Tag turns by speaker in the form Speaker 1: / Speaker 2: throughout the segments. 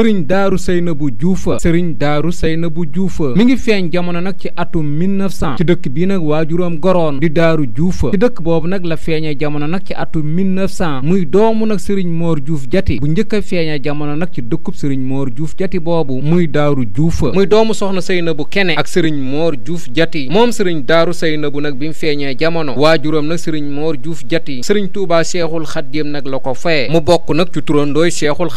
Speaker 1: sëriñ daaru bu Diouf sëriñ daaru na bu Diouf mi ngi feeñ jamono nag ci atum 1900 ci dëkk bii nag waajuram goroon di daaru Diouf ci dëkk boobu nag la feeñee jamono nag ci atum 1900 muy doomu nag sëriñ Mor Diouf Jati bu njëkk feeñee jamono nag ci dëkkub sëriñ moor juuf Jati boobu muy daaru Diouf muy doomu soxna sëy na bu Kene ak sëriñ Mor Diouf Jati moom sëriñ daaru sëy na bu nag bi mu feeñee jamono waajuram nag sëriñ Mor Diouf Jati sëriñ Touba Cheikhul Khadim nag la ko fayee mu bokk nag ci turandooy Cheikhul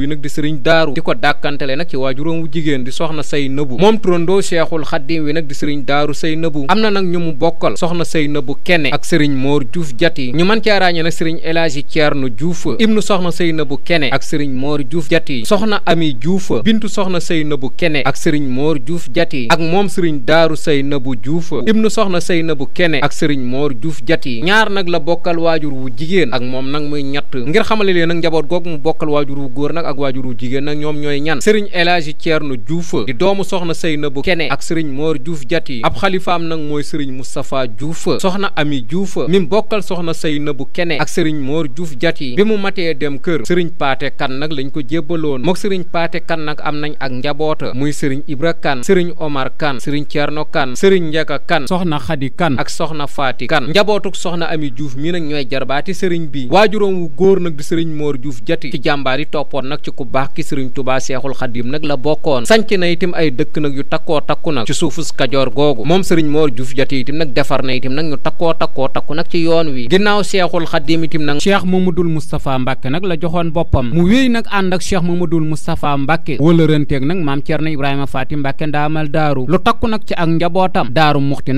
Speaker 1: wi nag di sëriñ daaru di ko dàkkantale nag ci waajuróom wu jigéen di soxna say nëbu moom turandoo cheikhul xaddim wi nag di sëriñ daaru say nëbu am na nag ñu mu bokkal soxna say nëbu kene ak sëriñ moor juuf jati ñu mën caa ràññee nag sëriñ elaaji ceerno juuf ibnu soxna say nëbu kene ak sëriñ moor juuf jati soxna ami juuf bintu soxna say nëbu kene ak sëriñ moor juuf jati ak moom sëriñ daaru say nëbu juuf ibnu soxna say nëbu kene ak sëriñ moor juuf jati ñaar nag la bokkal waajur wu jigéen ak moom nag muy ñett ngir xamale leen nag njaboot googu mu bokkal waajur wu góor nag ak waajuru jigéen nag ñoom ñooy ñan sëriñ El Hadji Thierno Diouf di doomu soxna Seynabou Kene ak sëriñ Mor Diouf Diatty ab xalifaam nag mooy sëriñ Moustapha Diouf soxna Ami Diouf mi bokkal soxna Seynabou Kene ak sëriñ Mor Diouf Diatty bi mu matee dem kër sëriñ Paate Kan nag lañ ko jébbaloon mook sëriñ Paate Kan nag am nañ ak njaboota muy sëriñ Ibra sëriñ Omar Kan sëriñ Thierno Kan sëriñ Njaga Kan soxna Xadi Kan ak soxna Faati Kan njabootuk soxna Ami Diouf mi ñooy jarbaati sëriñ bi waajuróom wu góor nag di sëriñ Mor Diouf Diatty ci jàmbaar yi toppoon nag ci ku baax ki sëriñ tubaa seexul xadim nag la bokkoon sanc na itam ay dëkk nag yu takkoo takku nag ci suufus kajoor googu moom sëriñ moor juuf jati itam nag defar na itam nag ñu takkoo takkoo takku nag ci yoon wi ginnaaw seexul xadim itam nag cheikh mamadul moustapha mbàkke nag la joxoon boppam mu wéy nag ànd ak cheikh mamadul moustapha mbàkke wala nag maam cerno ibrahima faati mbàkke ndaamal daaru lu takku nag ci ak njabootam daaru muxti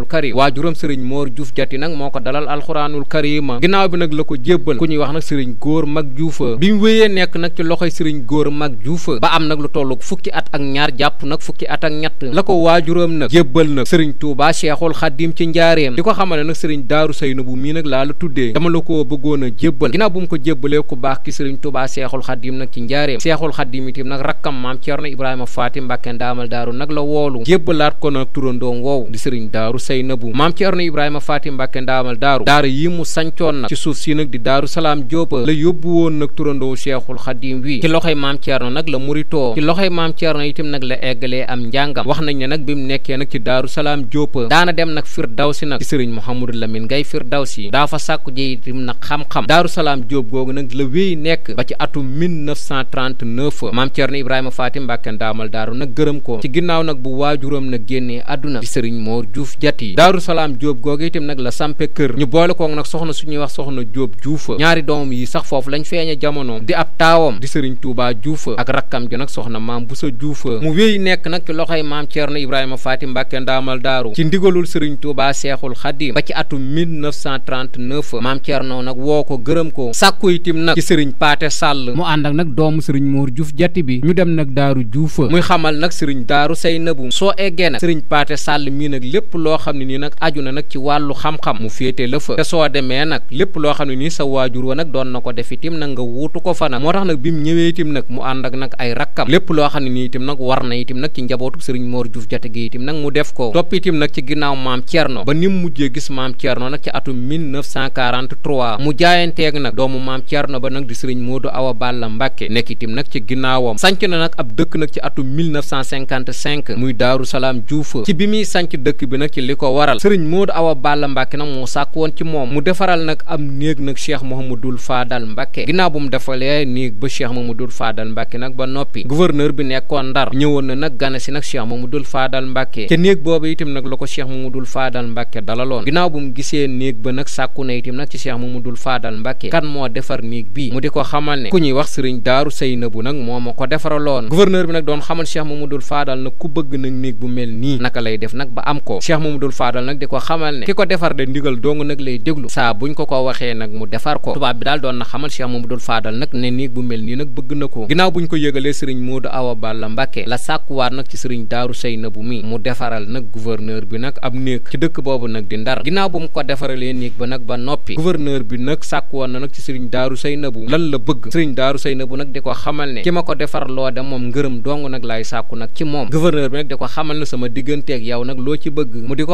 Speaker 1: alxuraanul karim waajuram sëriñ moor juuf jati nag moo ko dalal alxuraanul karima ginnaaw bi nag la ko jébbal ku ñuy wax nag sëriñ góor mag juufa bi mu wéyee nekk nag ci loxoy sëriñ góor mag juufa ba am nag lu toll fukki at ak ñaar jàpp nag fukki at ak ñett la ko waajuram nag jébbal nag sëriñ tuubaa seexul xaddim ci njaareem di ko xamal nag sëriñ daaru saynu bu mii nag laa la tuddee dama la ko bëggoon a jébbal ginnaaw bu mu ko jébbalee ku baax ki sëriñ tuubaa seexul seexul xaddim itam nag rakkam maam ceerno ibrahima faati nag la woolu jébbalaat ko nag turandoom woowu di sëriñ daaru Seynabu maam Ceerno Ibrahima Faati Mbàkke ndaamal daaru daara yi mu sancoon nag ci suuf si nag di daaru salaam Jóopa la yóbbu woon nag turandoo Seexul Xadiim wi ci loxoy maam na nag la muritoo ci loxoy maam Ceerno itam nag la eggalee am njàngam wax nañ ne nag bi mu nekkee nag ci daaru salaam Jóopa daana dem nag Firdawsi nag ci sëriñ Mouhamadou Lamine Ngay Firdawsi daa fa sàkku ji itam nag xam-xam daaru salaam Jóob googu nag la wéy nekk ba ci atum 1939 maam Ceerno Ibrahima Faati Mbàkke ndaamal daaru nag gërëm ko ci ginnaaw nag bu waajuram mbokk yi daaru salaam jóob googu itam nag la sampe kër ñu boole koog nag soxna suñuy wax soxna jóob juufa ñaari doomam yi sax foofu lañ feeñe jamono di ab taawam di sëriñ tuubaa juufa ak rakkam ji nag soxna maam bu sa juufa mu wéy nekk nag ci loxoy maam ceerno ibrahima faati mbàkke ndaamal daaru ci ndigalul sëriñ tuubaa seexul xadim ba ci atum 1939 maam noo nag woo ko gërëm ko sàkku itam nag ci sëriñ paate sàll mu ànd ak nag doomu sëriñ móor juuf jatti bi ñu dem nag daaru juufa muy xamal nag sëriñ daaru say nabu soo eggee nag sëriñ paate sàll mii xam ne nii nag aju na nag ci wàllu xam-xam mu féete la fa te soo demee def ko fa nag ci ginnaaw maam Thierno ba ba nag di sëriñ Modou Awa Balla Mbacke nekk itim nag ci ginnaawam sanc na muy Daaru Salaam ci bi muy sanc dëkk bi nag ci ko waral sëriñ Modou Awa Balla Mbacke nag moo sàkk woon ci moom mu defaral nag am néeg nag Cheikh Mouhamadul Fadal Mbacke ginnaaw bu mu defalee néeg ba Cheikh Mouhamadul Fadal Mbacke nag ba noppi gouverneur bi nekkoon ndar ñëwoon na nag gane si nag Cheikh Mouhamadul Fadal Mbacke te néeg boobu itam nag la ko Cheikh Mouhamadul Fadal Mbacke dalaloon ginnaaw bu mu gisee néeg ba nag sàkku na itam nag ci Cheikh Mouhamadul Fadal Mbacke kan moo defar néeg bi mu di ko xamal ne ku ñuy wax sëriñ Daaru Seynabu nag moo ma ko defaraloon gouverneur bi nag doon xamal mu Mouhamadul Fadal nag ku bëgg nag néeg bu mel nii naka lay def nag ba am ko Cheikh Mouhamadul Abdoul Fadal nag di ko xamal ne ki ko defar de ndigal dong nag lay déglu saa buñ ko ko waxee nag mu defar ko tubaab bi daal doon na xamal Cheikh Mamadou Fadal nag ne néeg bu mel nii nag bëgg na ko ginnaaw buñ ko yëgalee sëriñ Modou Awa Balla Mbacké la sàkkuwaat nag ci sëriñ Daaru Seynabou mi mu defaral nag bi nag ab néeg ci dëkk boobu nag di Ndar ginnaaw bu mu ko ba nag ba noppi gouverneur bi nag sàkk woon na nag ci sëriñ Daaru bu lan la bëgg sëriñ Daaru bu nag di ko xamal ne ki ma ko defar loo de moom ngërëm dong nag laay sàkku nag ci moom gouverneur bi nag di ko xamal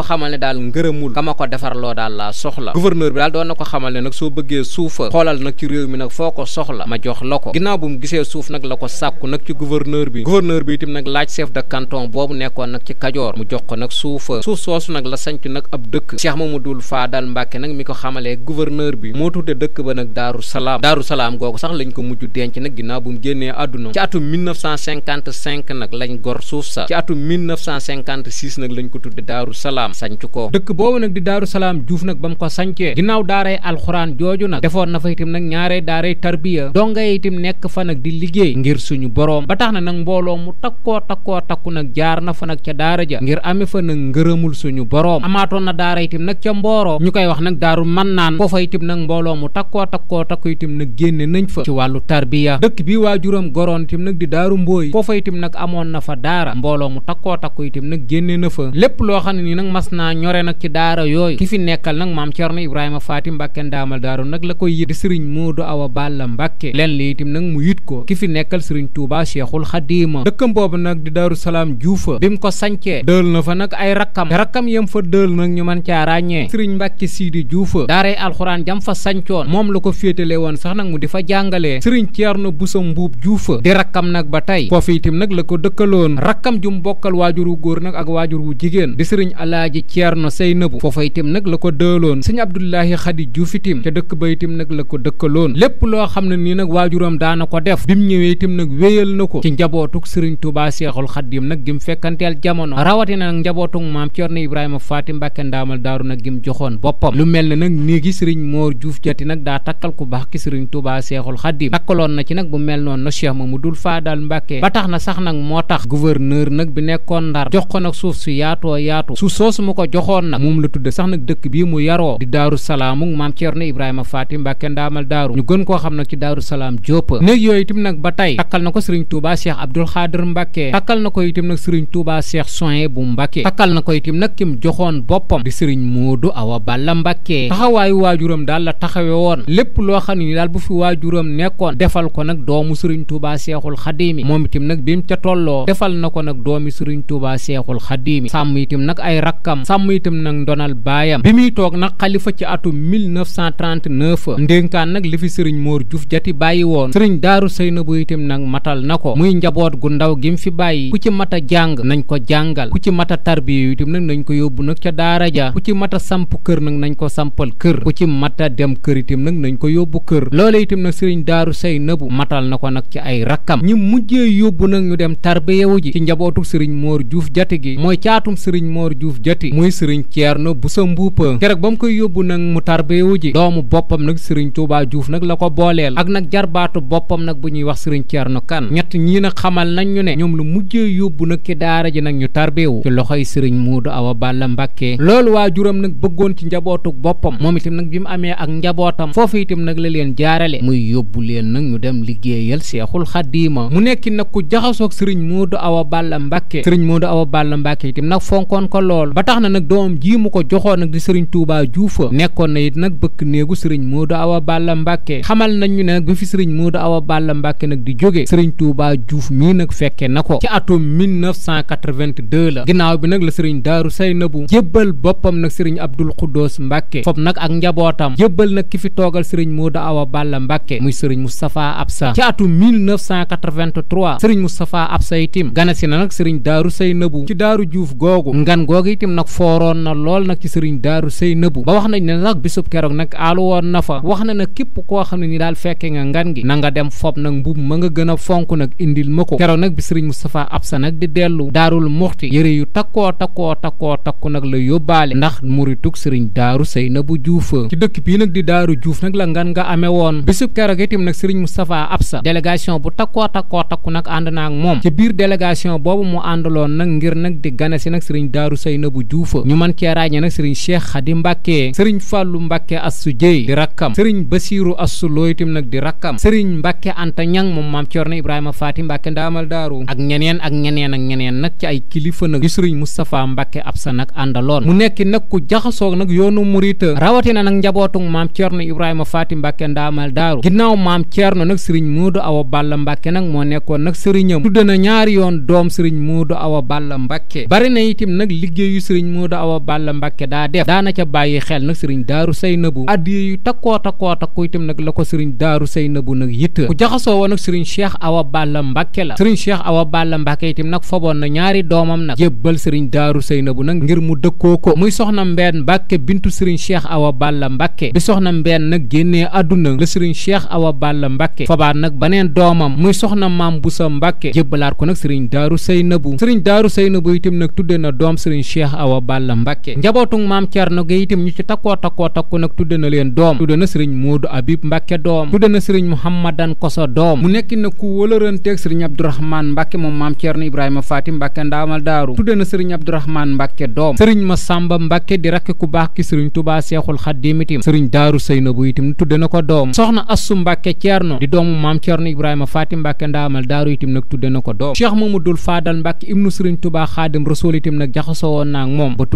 Speaker 1: xamal ne daal ngërëmul ka ma ko defarloo daal laa soxla gouverneur bi daal doon na ko xamal ne nag soo bëggee suufa xoolal nag ci réew mi nag foo ko soxla ma jox la ko ginnaaw bu mu gisee suuf nag la ko sàkku nag ci gouverneur bi gouverneur bi itam nag laaj chef de canton boobu nekkoon nag ci kajoor mu jox ko nag suufa suuf soosu nag la sanc nag ab dëkk Cheikh Mamadou Fadal Mbàkke nag mi ko xamalee gouverneur bi moo tudde dëkk ba nag daaru salaam daaru salaam googu sax lañ ko mujj denc nag ginnaaw bu mu génnee àdduna ci atum 1955 nag lañ gor suuf sa ci atum 1956 nag lañ ko tudde daaru salaam sanc ko dëkk boobu nag di daaru salaam juuf nag ba mu ko sancee ginnaaw daaray alxuraan jooju nag defoon na fa itam nag ñaaree daaray tarbiya donga itam nekk fa nag di liggéey ngir suñu boroom ba tax na nag mbooloo mu takkoo takkoo takku nag jaar na fa nag ca daara ja ngir ame fa nag ngërëmul suñu boroom amaatoon na daara itam nag ca mbooroo ñu koy wax nag daaru man naan foofa itam nag mbooloo mu takkoo takkoo takku itam nag génne nañ fa ci wàllu tarbiya dëkk bi waajuram goroon itam nag di daaru mbooy foofa itam nag amoon na fa daara mbooloo mu takkoo takku itam nag génne na fa lépp loo xam ne ni nag mas naa ñore nag ci daara yooyu ki fi nekkal nag maam Cerno Ibrahima Faati Mbàkke ndaamal daaru nag la ko yit di sëriñ Moodu Awa Balla Mbàkke leen li itam nag mu yit ko ki fi nekkal sëriñ Tuubaa Seexul Xadiima dëkkam boobu nag di Daaru Salaam Juufa bi mu ko sancee dël na fa nag ay rakkam rakkam yam fa dël nag ñu man caa ràññee sëriñ Mbàkke Siidi Juufa daaray alxuraan jam fa sancoon moom la ko féetale woon sax nag mu di fa jàngalee sëriñ Ceerno Buso Mbuub Juufa di rakkam nag ba tey foofu nag la ko dëkkaloon rakkam ju bokkal waajur wu góor alaaji Ceerno Seynabu foofa itam nag la ko dëloon sëñ Abdullahi Xadi Juuf itam ca dëkk ba itam nag la ko dëkkaloon lépp loo xam ne nii nag waajuram daana ko def bi mu ñëwee itam nag wéyal na ko ci njabootuk sëriñ Tuubaa Seexul Xadiim nag gi mu fekkanteel jamono rawatina nag njabootuk maam Ceerno Ibrahima Faati Mbàkke ndaamal daaru nag gi mu joxoon boppam lu mel ne nag néegi sëriñ Moor Juuf Jati nag daa takkal ku baax ki sëriñ Tuubaa Seexul Xadiim takkaloon na ci nag bu mel noonu na Cheikh Mamadul Faadal Mbàkke ba tax na tax gouverneur nag bi nekkoon su ma ko joxoon nag moom la tudde sax nag dëkk bii mu yaroo di daaru salaamu maam Ceerno Ibrahima Faati Mbàkke ndaamal daaru ñu koo xam nag ci daaru salaam Jóob yooyu itam nag ba tey takkal na ko sëriñ Tuubaa Cheikh Abdul Xaadir Mbàkke takkal na ko itam nag sëriñ Tuubaa Cheikh Sohaybu bu Mbàkke takkal na ko itam nag kim joxoon boppam di sëriñ Moodu Awa Balla Mbàkke taxawaayu waajuram daal la taxawe woon lépp loo xam ne daal bu fi waajuram nekkoon defal ko nag doomu sëriñ Tuubaa Seexul Xadiimi moom itim nag bi mu ca tolloo defal na ko nag doomi sëriñ Tuubaa Seexul Xadiimi sàmm itam nag ay rakk rakkam sàmm itam nag ndonal baayam bi muy toog nag xalifa ci atum 1939 ndénkaan nag li fi sëriñ Mor Diouf jati bàyyi woon sëriñ Daaru Saynabu itam nag na ko muy njaboot gu ndaw gi mu fi bàyyi ku ci jàng nañ ko jàngal ku ci mat a tarbiya itam nag nañ ko yóbbu nag ca daara ja ku ci mat a samp kër nag nañ ko sampal kër ku ci mat dem kër itam nag nañ ko yóbbu kër loole itam nag sëriñ Daaru Saynabu matal na ko nag ci ay rakkam ñu mujjee yóbbu nag ñu dem tarbiyewu ji ci njabootu sëriñ Mor Diouf jati gi mooy caatum sëriñ Mor Diouf jati yëkkati muy sëriñ bu Buso Mbuupa keroog ba mu koy yóbbu nag mu tarbeewu ji doomu boppam nag sëriñ Tuubaa Juuf nag la ko booleel ak nag jarbaatu boppam nag bu ñuy wax sëriñ Ceerno Kan ñett ñii nag xamal nañ ñu ne ñoom lu mujjee yóbbu nag ci daara ji nag ñu tarbeewu ci loxoy sëriñ Muudu Awa Balla Mbàkke loolu waajuram nag bëggoon ci njabootug boppam moom itam nag bi mu amee ak njabootam foofu itam nag la leen jaarale muy yóbbu leen nag ñu dem liggéeyal Seexul Xadiima mu nekki nag ku jaxasoog sëriñ Muudu Awa Balla Balla Mbàkke itam nag fonkoon ko tax na nag doom jii mu ko joxoon nag di sëriñ Touba Diouf nekkoon na it nag bëkk néegu sëriñ Modou Awa Balla Mbacke xamal nañ ñu ne nag ba fi sëriñ Modou Awa Balla Mbacke nag di jóge sëriñ Touba Diouf mii nag fekke na ko ci atum 1982 la ginnaaw bi nag la sëriñ Daaru Saynabu jébbal boppam nag sëriñ Abdul Xuddoos Mbacke fob nag ak njabootam jébbal nag ki fi toogal sëriñ Modou Awa Balla Mbacke muy sëriñ Moustapha Absa ci atum 1983 sëriñ Moustapha Absa itim ganasi na nag sëriñ Daaru Saynabu ci Daaru Diouf googu ngan googu itim nag fooroon na lool nag ci sëriñ daaru sëy nëbu ba wax na ne nag bisub keroog nag aalu woon na fa wax na nag képp koo xam ne ni daal fekke nga ngan gi na nga dem fob nag mbubb ma nga gën a fonk nag indil ma ko keroog nag bi sëriñ Moustapha Absa nag di dellu daarul muxti yëre yu takkoo takkoo takkoo takku nag la yóbbaale ndax muritug sëriñ daaru sëy nëbu juuf ci dëkk bii nag di daaru juuf nag la ngan nga amee woon bisub keroog itam nag sëriñ Moustapha Absa délégation bu takkoo takkoo takku nag ànd naa ak moom ci biir délégation boobu mu àndaloon nag ngir nag bu juufa ñu mën cee ràññee nag sëriñ cheikh xadi mbàkke sëriñ fàllu mbàkke assu jéy di rakkam sëriñ basiiru assu looyitam nag di rakkam sëriñ mbàkke anta ñang moom maam Cerno ibrahima faati mbàkke ndaamal daaru ak ñeneen ak ñeneen ak ñeneen nag ci ay kilifa nag yu sëriñ moustapha mbàkke absa nag àndaloon mu nekk nag ku jaxasoog nag yoonu murita rawatina nag njabootu maam Cerno ibrahima faati mbàkke ndaamal daaru ginnaaw maam Cerno nag sëriñ muudu awa balla mbàkke nag moo nekkoon nag sëriñam tudde na ñaari yoon doom sëriñ muudu awa balla sëriñ Modou Awa Balla Mbacke daa def daana ca bàyyi xel nag sëriñ daaru say nabu addiye yu takkoo takkoo takkoo itam nag la ko sëriñ daaru say nabu nag yitta ku jaxasoo woon nag sëriñ Cheikh Awa Balla Mbacke la sëriñ Cheikh Awa Balla Mbacke itam nag foboon na ñaari doomam nag jébbal sëriñ daaru say nabu nag ngir mu dëkkoo ko muy soxna Mbène Mbacke bintu sëriñ Cheikh Awa Balla Mbacke bi soxna Mbène nag génnee àdduna la sëriñ Cheikh Awa Balla Mbacke fobaat nag baneen doomam na doom sëriñ Cheikh awa balla mbàkke njabootu maam Thierno Gueye itam ñu ci takkoo takkoo takku nag tudde na leen doom tudde na sëriñ Modou Abib Mbàkke doom tudde na sëriñ Mouhamadan Koso doom mu nekk nag ku wëlëranteeg sëriñ Abdourahmane Mbàkke moom maam Thierno Ibrahima Faati Mbàkke ndaamal daaru tudde na sëriñ na ko doom soxna Assu Mbàkke Thierno di doomu maam Thierno Ibrahima Faati Mbàkke ndaamal daaru itam nag tudde na ko doom Cheikh Mamadou Fadal Mbàkke ibnu ak moom ba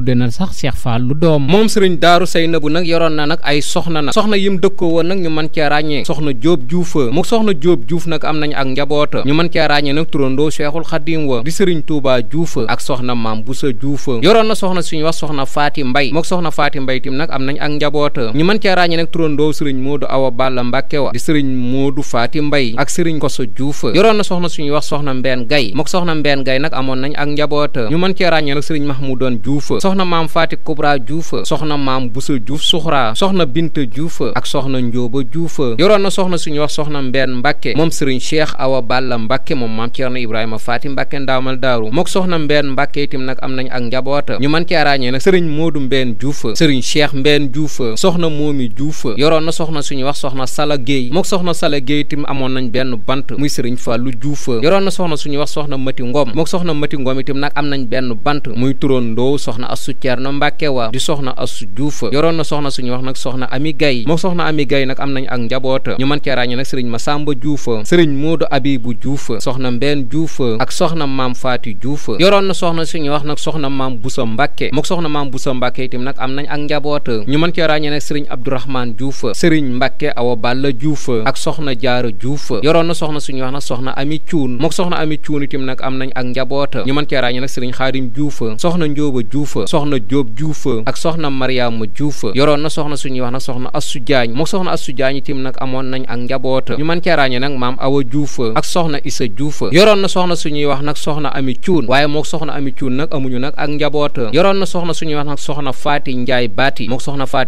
Speaker 1: moom sëriñ Daaru Saynabu nag yoroon na nag ay soxna nag soxna yim dëkkoo woon nag ñu mën cee ràññee soxna Jóob Juuf mu soxna Jóob Juuf nag am nañ ak njaboota ñu man cee ràññee nag turandoo Cheikhul Khadim wa di sëriñ Touba Juuf ak soxna Maam Busa Juuf yoroon na soxna suñu wax soxna Faati Mbay mook soxna Faati Mbay tim nag am nañ ak njaboota ñu mën cee ràññee nag turandoo sëriñ Moodu Awa Balla Mbàkke wa di sëriñ Moodu Faati Mbay ak sëriñ Koso Juuf yoroon na soxna suñuy wax soxna Mbeen Gay mook soxna Mbeen Gay nag amoon nañ ak njaboota ñu mën cee ràññee nag sëriñ Mahmudoon Diouf soxna maam Faati Kubra Diouf soxna maam Busa Diouf Suxra soxna Binta Diouf ak soxna Njóoba Diouf yoroon na soxna suñu wax soxna Mbeen Mbàkke moom Sëriñ Cheikh Awa Balla Mbàkke moom maam Ibrahima Faati Mbàkke ndaamal daaru soxna Mbeen Mbàkke itam nag nañ ak njaboota ñu mën cee ràññee nag Sëriñ Moodu Mbeen Diouf Sëriñ Cheikh Mbeen Diouf soxna Moomi Diouf yoroon na soxna suñu wax soxna Sala Géey mook soxna Sala Géey itam amoon nañ benn bant muy Sëriñ Fàllu Diouf yoroon na soxna suñu wax soxna Mati Ngom mook soxna Mati Ngom itam nag am nañ benn bant muy turandoo woowu soxna Astou Thierno Mbacke wa di soxna Astou Diouf yoroon na soxna suñu wax nag soxna Ami Gaye moom soxna Ami Gaye nag am nañ ak njaboota ñu mën cee ràññee nag sëriñ Masamba Diouf sëriñ Modou Abibou Diouf soxna Mbène Diouf ak soxna Maam Faati Diouf yoroon na soxna suñu wax nag soxna Maam Boussa Mbacke mook soxna Maam Boussa Mbacke itam nag am nañ ak njaboota ñu mën cee ràññee nag sëriñ Abdourahmane Diouf sëriñ Mbacke Awa Balla Diouf ak soxna Jaara Diouf yoroon na soxna suñu wax nag soxna Ami Cuun mook soxna Ami Cuun itam nag am nañ ak njaboota ñu mën cee ràññee nag sëriñ Xaadim Diouf soxna Njóoba Demba Diouf soxna Diop Diouf ak soxna Mariama Diouf yoroon na soxna suñuy wax nag soxna Assu Jaañ moo soxna Assu Jaañ itam nag amoon nañ ak njaboot ñu mën cee ràññee nag maam Awa Diouf ak soxna Issa Diouf yoroon na soxna suñuy wax nag soxna Ami Cuun waaye moo soxna Ami Cuun nag amuñu nag ak njaboot yoroon na soxna suñuy wax nag soxna Faati Njaay Baati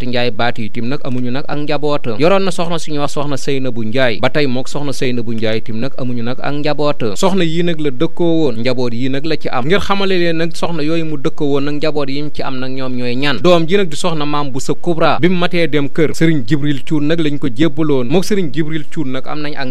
Speaker 1: Njaay Baati itam nag na soxna suñuy wax soxna Seynabu Njaay ba tey moo soxna Seynabu Njaay itam nag amuñu nag ak njaboot soxna yi nag la dëkkoo woon njaboot yi nag la ci am ngir xamale leen nag soxna yooyu mu dëkkoo woon kon nag njaboot yi mu ci am nag ñoom ñooy ñaan doom ji nag di soxna maam bu sa kubra bi mu matee dem kër sëriñ jibril cuun nag lañ ko jébbaloon mook sëriñ jibril cuun nag am nañ ak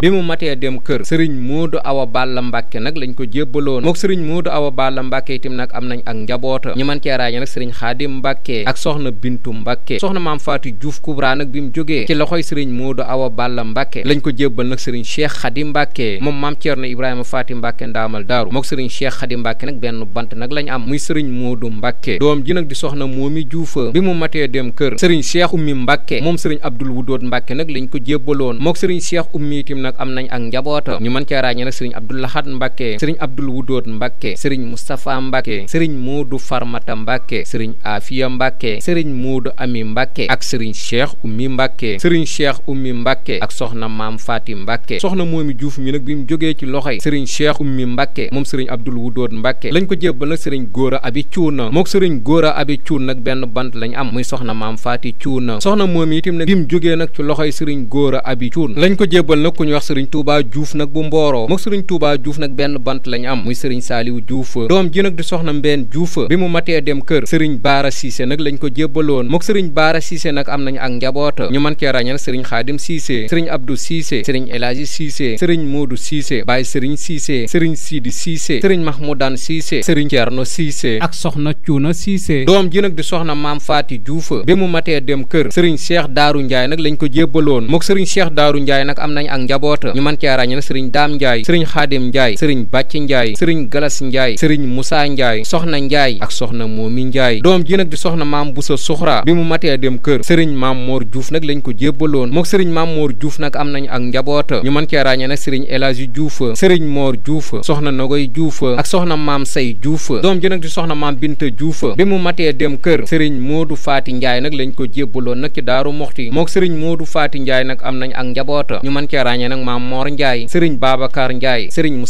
Speaker 1: bi mu matee dem kër sëriñ moodu awa balla mbàkke nag lañ ko jébbaloon mook sëriñ moodu awa balla mbàkke itam nag am nañ ak njaboota ñu mën cee ràññal nag sëriñ xaadim mbàkke ak soxna bintu mbàkke soxna maam faati juuf kubra nag bi mu jógee ci loxoy sëriñ moodu awa balla mbàkke lañ ko jébbal nag sëriñ Cheikh Khady Mbacke moom maam na Ibrahima Faty Mbacke ndaamal daaru mook sëriñ Cheikh Khady Mbacke nag benn bant nag lañ am muy sëriñ Modou Mbacke doom ji nag di soxna Momi Diouf bi mu matee dem kër sëriñ Cheikh Oumy Mbacke moom sëriñ Abdoul Wudoot Mbacke nag lañ ko jébbaloon mook sëriñ Cheikh Oumy nag am nañ ak njaboota ñu mën cee ràññee nag sëriñ Abdoul Lahad Mbacke sëriñ Abdoul Wudoot Mbacke sëriñ Moustapha Mbacke sëriñ Modou Farmata Mbacke sëriñ Afia Mbacke sëriñ Modou Ami Mbacke ak sëriñ Cheikh Oumy Mbacke sëriñ Cheikh Oumy Mbacke maam Faati Mbàkke soxna Moomi Juuf mi nag bi mu jógee ci loxoy sëriñ Cheikh Ummi Mbàkke moom sëriñ Abdul Wudood Mbàkke lañ ko jébbal nag sëriñ Góora Abi Cuuna mook sëriñ Góora Abi Cuun nag benn bant lañ am muy soxna maam Faati Cuuna soxna Moomi itam nag bi mu jógee nag ci loxoy sëriñ Góora Abi Cuun lañ ko jébbal nag ku ñu wax sëriñ Touba Juuf nag bu Mbooro mook sëriñ Touba Juuf nag benn bant lañ am muy sëriñ Saaliw Juuf doom ji nag di soxna Mbeen Juuf bi mu matee dem kër sëriñ Baara Siise nag lañ ko jébbaloon mook sëriñ Baara Siise nag am nañ ak njaboota ñu man cee ràññal sëriñ Xaadim Siise Cissé sëriñ El Hadji Cissé sëriñ Modou Cissé Baye sëriñ Cissé sëriñ Sidi Cissé sëriñ Mahmoudane Cissé sëriñ Thierno Cissé ak soxna Cuuna Cissé doom ji nag di soxna maam Faati Diouf bi mu matee dem kër sëriñ Cheikh Daaru Ndiaye nag lañ ko jébbaloon mook sëriñ Cheikh Daaru Ndiaye nag am nañ ak njaboota ñu mën cee ràññe nag sëriñ Daam Ndiaye sëriñ Xaadim Ndiaye sëriñ Bàcc Ndiaye sëriñ Galas Ndiaye sëriñ Moussa Ndiaye soxna Ndiaye ak soxna Moomi Ndiaye doom ji nag di soxna maam Boussa Suxra mu matee dem kër sëriñ Maam Moor Diouf nag lañ ko nañ ak njaboot ñu mën cee ràññee nag sëriñ El Hadji Diouf sëriñ Mor Diouf soxna Nogoy Diouf ak maam Say Diouf doom ji nag di soxna maam Binta bi mu matee dem kër sëriñ Modou Faati Ndiaye nag lañ ko jébbaloon nag ci Daaru Moxti mook sëriñ Modou Faati Ndiaye nag am nañ ak njaboot ñu mën cee ràññee nag maam Mor Ndiaye sëriñ Babacar Ndiaye sëriñ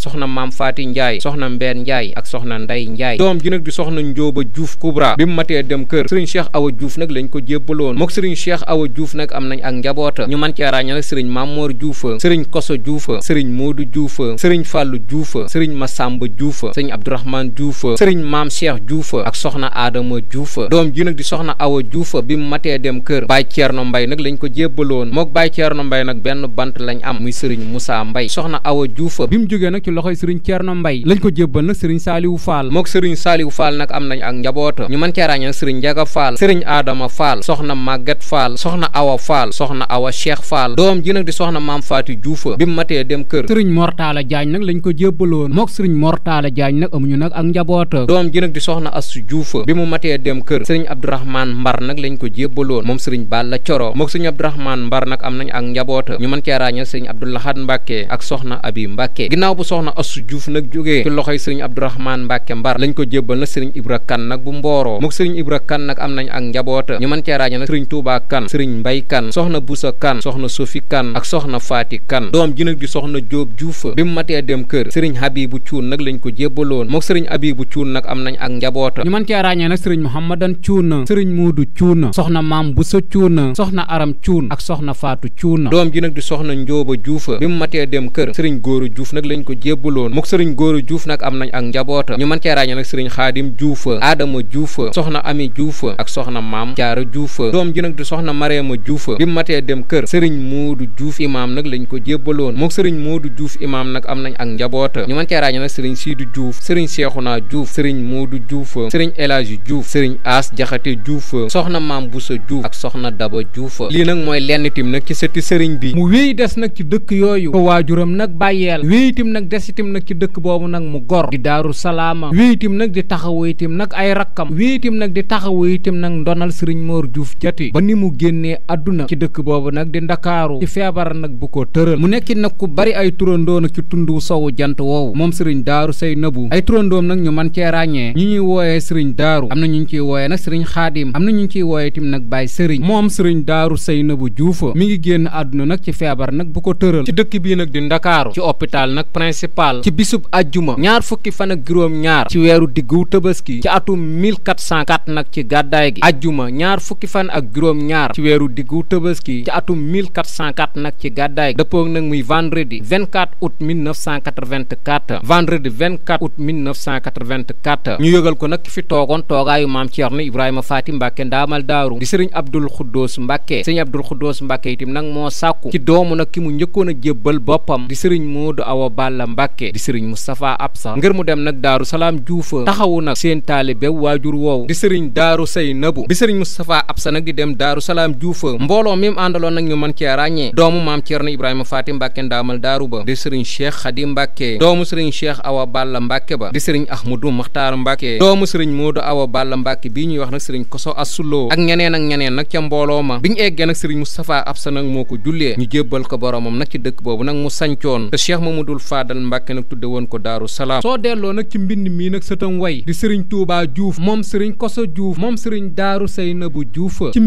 Speaker 1: soxna maam Faati Ndiaye soxna Mbeen Ndiaye ak soxna Ndey Ndiaye doom ji nag di soxna Njóoba Diouf Kubra bi mu matee dem kër sëriñ Cheikh Awa Diouf nag lañ ko jébbaloon mook sëriñ Cheikh Awa Diouf nag am nañ ak njaboota ñu mën cee ràññe nag sëriñ Mamoor Juuf sëriñ Koso Juuf sëriñ Moodu Juuf sëriñ Fàllu Juuf sëriñ Masamba Juuf sëriñ Abdourahmane Juuf sëriñ Maam Cheikh Juuf ak soxna Adama Juuf doom ji nag di soxna Awa Juuf bi mu matee dem kër Baay Ceerno Mbay nag lañ ko jébbaloon mook Baay Ceerno Mbay nag benn bant lañ am muy sëriñ Moussa Mbay soxna Awa Juuf bi mu jógee nag ci loxoy sëriñ Ceerno Mbay lañ ko jébbal nag sëriñ Saaliwu Faal mook sëriñ Saaliwu Faal nag am nañ ak njaboota ñu mën cee ràññe nag sëriñ Njaga Faal sëriñ Adama Faal soxna Màgget Faal soxna soxna Awa Cheikh Fall doom ji nag di soxna maam Fatou Diouf bi mu matee dem kër sëriñ Mortala Diagne nag lañ ko jébbaloon mook sëriñ Mortala Diagne nag amuñu nag ak njaboota doom ji nag di soxna Astou Diouf bi mu matee dem kër sëriñ Abdourahmane Mbar nag lañ ko jébbaloon moom sëriñ Balla Coro mook sëriñ Abdourahmane Mbar nag am nañ ak njaboota ñu mën cee ràññal sëriñ Abdoulahad Mbacke ak soxna Abi Mbacke ginnaaw bu soxna Astou Diouf nag jógee ci loxoy sëriñ Abdourahmane Mbacke Mbar lañ ko jébbal nag sëriñ Ibra Kane nag bu mbooroo mook sëriñ Ibra Kane nag Busa Kan soxna Sofi Kan ak soxna Faati Kan doom ji nag di soxna Jóob Juufa bi mu matee dem kër sëriñ Habibu Cuun nag lañ ko jébbaloon mook sëriñ Habibu Cuun nag am nañ ak njaboota ñu mën cee ràññee nag sëriñ Mouhamadan Cuun sëriñ Muudu Cuun soxna Maam Busa Cuun soxna Aram Cuun ak soxna Faatu Cuun doom ji nag di soxna Njóoba Juufa bi mu matee dem kër sëriñ Góora Juuf nag lañ ko jébbaloon mook sëriñ Góora Juuf nag am nañ ak njaboota ñu man cee ràññee nag sëriñ Xaadim Juufa Aadama Juufa soxna Ami Juufa ak soxna Maam Jaara wootee dem kër sëriñ Moodu Diouf imaam nag lañ ko jébbaloon mook sëriñ Moodu Diouf imaam nag am nañ ak njaboota ñu mën cee ràññe nag sëriñ Siidu Diouf sëriñ Seexuna Diouf sëriñ Moodu Diouf sëriñ Elaaji juuf sëriñ As Jaxate Diouf soxna Maam bu sa Diouf ak soxna Daba Diouf lii nag mooy lenn tim nag ci sëtti sëriñ bi mu wéy des nag ci dëkk yooyu ko waajuram nag bàyyeel wéy itam nag des itam nag ci dëkk boobu nag mu gor di daaru salaama wéy itam nag di taxawu itam nag ay rakkam wéy itam nag di taxawu itam nag ndonal sëriñ Moor Diouf dëkk boobu nag di ndakaaru ci feebar nag bu ko tëral mu nekkin nag ku bari ay turandoo nag ci tundu sowu jant woowu moom sëriñ daaru Saynabu ay turandoom nag ñu man cee ràññee ñi ñuy wooyee sëriñ daaru am na ñu ñu ciy wooyee nag sëriñ xaadim am na ñu ñu ciy wooyee tim nag baay sëriñ moom sëriñ daaru Saynabu Juufa mi ngi génn àdduna nag ci feebar nag bu ko tëral ci dëkk bii nag di ndakaaru ci hôpital nag principal ci bisub ajjuma ñaar fukki fan ak juróom ñaar ci weeru diggu tëbaski ci atum 1404 nag ci gàddaay gi ajjuma ñaar fukki fan ak juróom ñaar Tabaski ci atum 1404 nag ci gàddaay dëppoog nag muy vendredi 24 août 1984 vendredi 24 août 1984 ñu yëgal ko nag fi toogoon toogaayu maam Thierno Ibrahima Faty Mbacke ndaamal daaru di sëriñ Abdul Xuddoos Mbacke sëriñ Abdul Xuddoos Mbacke itam nag moo sàkku ci doomu nag ki mu njëkkoon a jébbal boppam di sëriñ Modou Awa Balla Mbacke di sëriñ Moustapha Absa ngir mu dem nag Daaru Salaam Juufa taxawu nag seen taalibe waajur woowu di sëriñ Daaru Say Nabu bi sëriñ Moustapha Absa nag di dem Daaru Salaam Juufa mbooloo mi ñim àndaloon nag ñu mën cee ràññee doomu maam Thierno Ibrahima Faty Mbacke ndaamal daaru ba di sëriñ Cheikh Khady Mbacke doomu sëriñ Cheikh Awa Balla Mbacke ba di sëriñ Ahmadou Makhtar Mbacke doomu sëriñ Modou Awa Balla Mbacke ñuy wax nag sëriñ Koso Assuloo ak ñeneen ak ñeneen nag ca mbooloo ma bi ñu eggee nag sëriñ Moustapha Absa moo ko jullee ñu jébbal ko boromam nag ci dëkk boobu nag mu sancoon te Cheikh Mamadou Fadal Mbacke nag tudde woon ko Daaru Salaam soo delloo nag ci mbind mii nag sëtam way di sëriñ Touba Diouf moom sëriñ Koso Diouf moom sëriñ Daaru Seynabu Diouf ci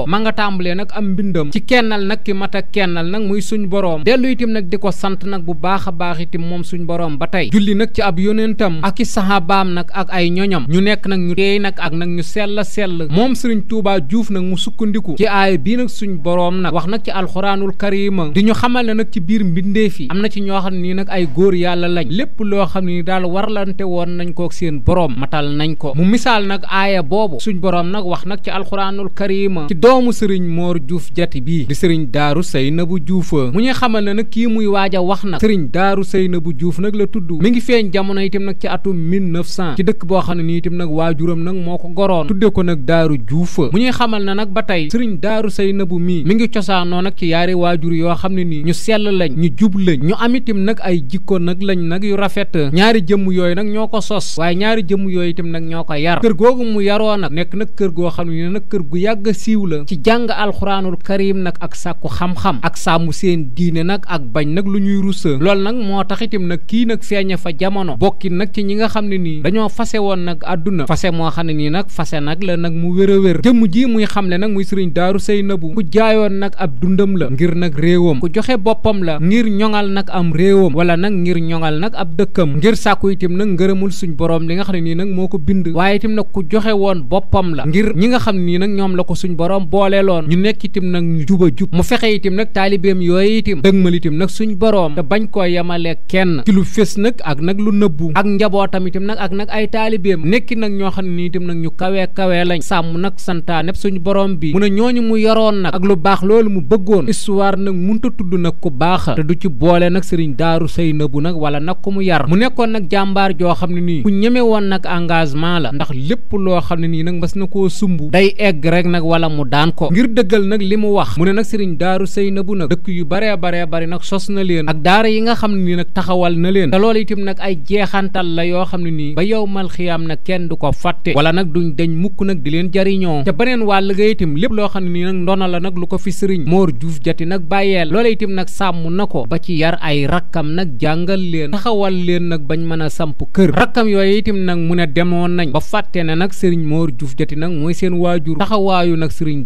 Speaker 1: ko ma nga tàmbalee nag am mbindam ci kennal nag ki mat a kennal nag muy suñ boroom dellu itam nag di ko sant nag bu baax a baax itam moom suñ boroom ba tey julli nag ci ab yonentam ak i sahabaam nag ak ay ñoñam ñu nekk nag ñu teey nag ak nag ñu sell sell moom sëriñ Tuubaa Juuf nag mu sukkandiku ci aaya bii nag suñ boroom nag wax nag ci alxuraanul karima di ñu xamal ne nag ci biir mbindeef yi am na ci ñoo xam ne nii nag ay góor lañ lépp loo xam ni daal warlante woon nañ ko ak boroom matal nañ ko mu misaal nag aaya boobu suñ boroom nag wax nag ci alxuraanul karima ci doomu sëriñ Mor Diouf Diatty bii di sëriñ Daaru Seynabou Diouf mu ñuy xamal na nag kii muy waaja wax nag sëriñ Daaru Seynabou juuf nag la tudd mi ngi feeñ jamono itam nag ci atum 1900 ci dëkk boo xam ne nii itam nag waajuram nag moo ko goroon tudde ko nag Daaru Diouf mu ñuy xamal ne nag ba tey sëriñ Daaru Seynabou mii mi ngi cosaanoo nag ci yaari waajur yoo xam ne nii ñu sell lañ ñu jub lañ ñu am itam nag ay jikko nag lañ nag yu rafet ñaari jëmm yooyu nag ñoo ko sos waaye ñaari jëmm yooyu itam nag ñoo ko yar kër googu mu yaroo nag nekk nag kër goo xam ne nag kër gu yàgg siiw la ci jàng alxuraanul karim nag ak sàkku xam-xam ak sàmmu seen diine nag ak bañ nag lu ñuy rusa lool nag moo tax itam nag kii nag feeña fa jamono bokki nag ci ñi nga xam ne nii dañoo fase woon nag àdduna fase moo xam ne nii nag fase nag la nag mu wér a wér jëmm ji muy xam xamle nag muy sëriñ daaru Saynabu ku jaayoon nag ab dundam la ngir nag réewam ku joxe boppam la ngir ñoŋal nag am réewam wala nag ngir ñoŋal nag ab dëkkam ngir sàkku itam nag ngërëmul suñ borom li nga xam ne nii nag moo ko bind waaye itam nag ku joxe la ngir ñi nga xam nii nag ñoom borom booleeloon ñu nekk itam nag ñu juba jub mu fexe itam nag taalibeem yooyu itam dëgmal itam nag suñu boroom te bañ koo yemale kenn ci lu fés nag ak nag lu nëbbu ak njabootam itam nag ak nag ay taalibeem nekki nag ñoo xam ne nii itam nag ñu kawee kawee lañ sàmm nag santaane suñu borom bi mu ne ñooñu mu yoroon nag ak lu baax loolu mu bëggoon histoire nag munta tudd nag ku baax te du ci boole nag sëriñ daaru say nëbbu nag wala nag ku mu yar mu nekkoon nag jàmbaar joo xam ne nii ku woon nag engagement la ndax lépp loo xam ne nii nag mas na koo sumb day mu daan ko ngir dëggal nag li mu wax mu ne nag sëriñ daaru Saynabu nag dëkk yu baree baree bari nag sos na leen ak daara yi nga xam ne nii nag taxawal na leen te loolu itam nag la yoo xam ne nii ba yow mal xiyaam nag kenn du ko fàtte wala nag duñ dañ mukk nag di leen jariñoo te beneen wàll ga itam lépp loo xam ne nii nag ndona la nag lu ko fi sëriñ Mor Juuf Jati nag bàyyeel loola itam nag sàmm na ko ba ci yar ay rakkam nag jàngal leen taxawal leen nag bañ mën a samp kër rakkam yooyu itam nag mu ne demoon nañ ba fàtte ne nag sëriñ moo Juuf Jati nag mooy seen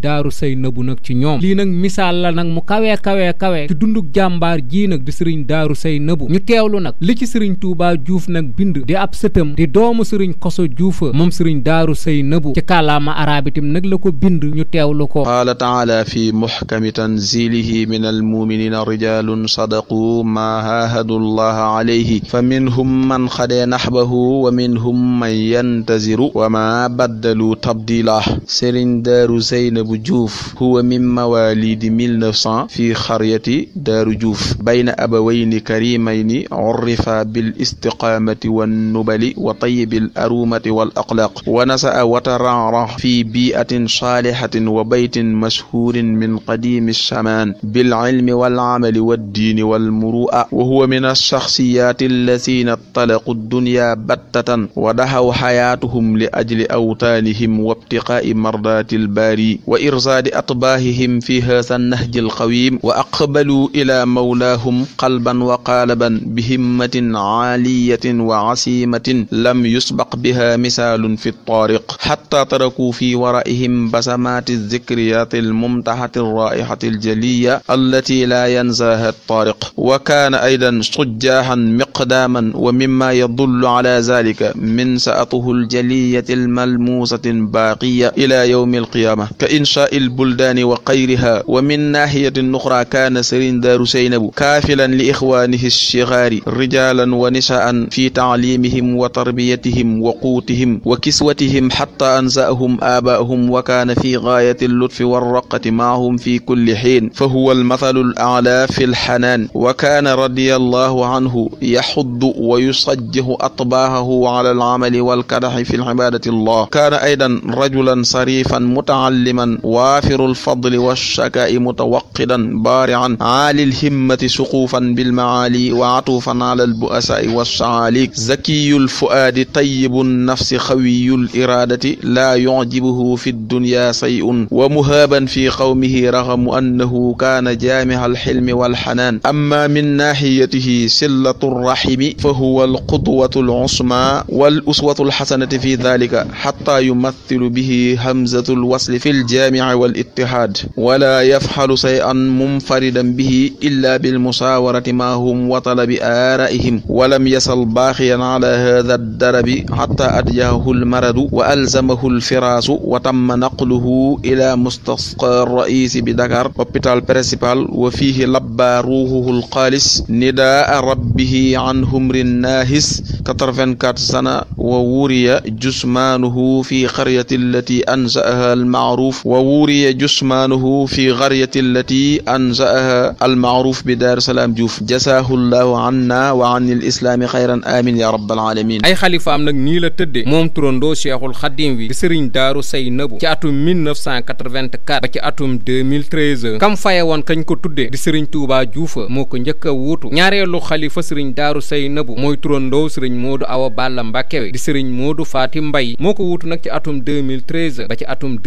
Speaker 1: daaru say nëbu nag ci ñoom lii nag misaal la nag mu kawee kawee kawee ci dunduk jàmbaar jii nag di sëriñ daaru say nëbu ñu teewlu nag li ci sëriñ Touba Diouf nag bind di ab sëtam di doomu sëriñ Koso Diouf moom sëriñ daaru say nëbu ci kàllaama araab nag la ko bind ñu
Speaker 2: teewlu ko qaala taala fi muxkami tanzilihi min almuminina rijalun sadaqu maa haahadu allaha alayhi fa minhum man xadee naxbahu wa minhum man yantaziru wa ma baddalu tabdila sëriñ daaru say nëbu bu Diouf huwa min mawalidi 1900 fi xaryati daaru Diouf bayna abawayni karimayni urrifa bil istiqaamati wan nubali wa tayyibil arumati wal aqlaq wa nasaa wataranrax fi biatin saalihatin wa baytin mashhurin min qadimi shamaan bil ilmi wal amali والدين والمروءة وهو من الشخصيات الذين اطلقوا الدنيا بتة ودهوا حياتهم لأجل أوطانهم وابتغاء مرضات الباري wa irsaadi atbaahihim fi haasa nahji alqawim wa aqbaluu ila mawlaahum qalban wa qaalaban bihimmatin caaliyatin wa casimatin lam yusbaq biha misaalun fi ltaariq xatta tarakuu fi waraihim basamaati alzikriyati almumtaxati alraixati aljaliya allati laa yansaaha altaariq wa kaana aydan sujjaaxan miqdaaman wa mima yadullu cala zalika min saatuhu aljaliya almalmuusatin baaqiya ila yowmi alqiyaama inshaa'i lbuldaani wa xayriha wa min naaxiyatin nuxraa kaana sëriñ daaru seynabu kaafilan li ixwaanihi shigaari rijaalan wa nisaan fi tacliimihim wa tarbiyatihim wa quutihim wa kiswatihim xatta ansaahum aabaahum wa kaana fi gaayati llutfi warraqati maahum fi kulli xiin fa huwa almathalu alaclaa fi lxanaan wa kaana radiyallahu anhu yaxuddu wa yusajjihu atbaahahu ala alcamali walkadaxi fi lcibaadati allah kaana aydan rajulan sarifan mutacalliman مبدعا وافر الفضل والشكاء متوقدا بارعا عالي الهمة سقوفا بالمعالي وعطوفا على البؤساء والشعاليك زكي الفؤاد طيب النفس خوي الإرادة لا يعجبه في الدنيا شيء ومهابا في قومه رغم أنه كان جامع الحلم والحنان أما من ناحيته سلة الرحم فهو القدوة العصمى والأسوة الحسنة في ذلك حتى يمثل به همزة الوصل في الجاه aljaamica walitixaad wala yafxalu shay'an munfaridan bihi illa bilmusaawarati maahum wa talabi aaraa'ihim walam yasal baaxiyan calaa haada addarabi xatta adjahahu almaradu wa alzamahu alfiraasu wa tamma naqluhu ila mustasqa raisi bi dakar hôpital principal wa fiihi labba ruuhuhu alxaalis nidaa rabbihi an humrin naahis 84 sana wa wuriya jusmaanuhu fi qaryati allati ansaaha almacruuf wa wuuriya jusmaanuhu fi garyati allati anshaaha almaaruf bi daar salaam Diouf jasaahu llahu anna wa an lislaami xayran amin ya rabbal alamin
Speaker 1: ay xalifaam nag nii la tëddee moom turandoo cheikhul xadim wi di sëriñ daaru say nëbu ci atum 1984 ba ci atum 2013 kam faye woon kañ ko tuddee di sëriñ tuubaa juufa moo ko njëkk a wuutu ñaareelu xalifa sëriñ daaru say nëbu mooy turandoo sëriñ moodu awa balla mbàkke di sëriñ moodu faati mbay moo ko wuutu nag ci atum 2013 ba ci atum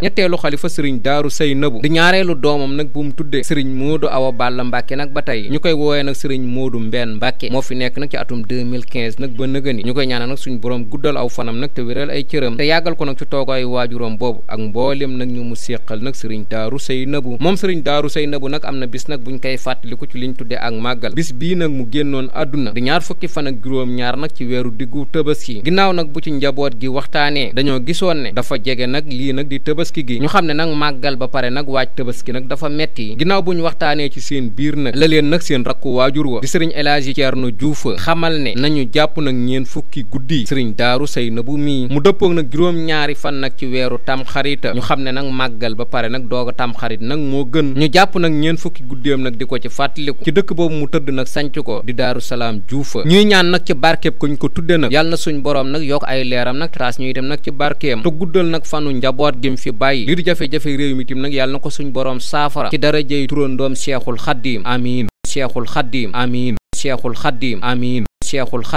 Speaker 1: Niassène ñetteelu xalifa sëriñ daaru Seynabou di ñaareelu doomam nag bu mu tuddee sëriñ Modou Awa Balla Mbacke nag ba tey ñu koy woowee nag sëriñ Modou Mbène Mbacke moo fi nekk nag ci atum 2015 nag ba nëgëni ñu koy ñaanal nag suñu borom guddal aw fanam nag te wéral ay cëram te yàggal ko nag ci toogaayu waajuram boobu ak mboolem nag ñu mu séqal nag sëriñ daaru Seynabou moom sëriñ daaru Seynabou nag am na bis nag buñ koy fàttaliku ci liñ tuddee ak màggal bis bii nag mu génnoon àdduna di ñaar fukki fan ak ñaar nag ci weeru diggu tëbaski ginnaaw nag bu ci njaboot gi waxtaanee dañoo gisoon tabaski gi ñu xam ne nag màggal ba pare nag waaj tabaski nag dafa metti ginnaaw bu ñu waxtaanee ci seen biir nag la nag seen rakku waajur wa di sëriñ El Hadji Thierno Diouf xamal ne nañu jàpp nag ñeen fukki guddi sëriñ Daaru Saynabu mii mu dëppoog nag juróom-ñaari fan nag ci weeru tamxarit ñu xam ne nag màggal ba pare nag doog a tamxarit nag moo gën ñu jàpp nag ñeen fukki guddeem nag di ko ci fàttaliku ci dëkk boobu mu tëdd nag sanc ko di daaru salaam juufa ñuy ñaan nag ci barkeeb ko ñu na suñ boroom nag yokk bàyyi li di jafe-jafe réew mi tiim nag yàlla na ko suñ borom saafara ci darajey turandoom seexul xaddiim amiin cheikhul xaddiim amiin cheikhul xaddiim amiin cheikhul xaddiim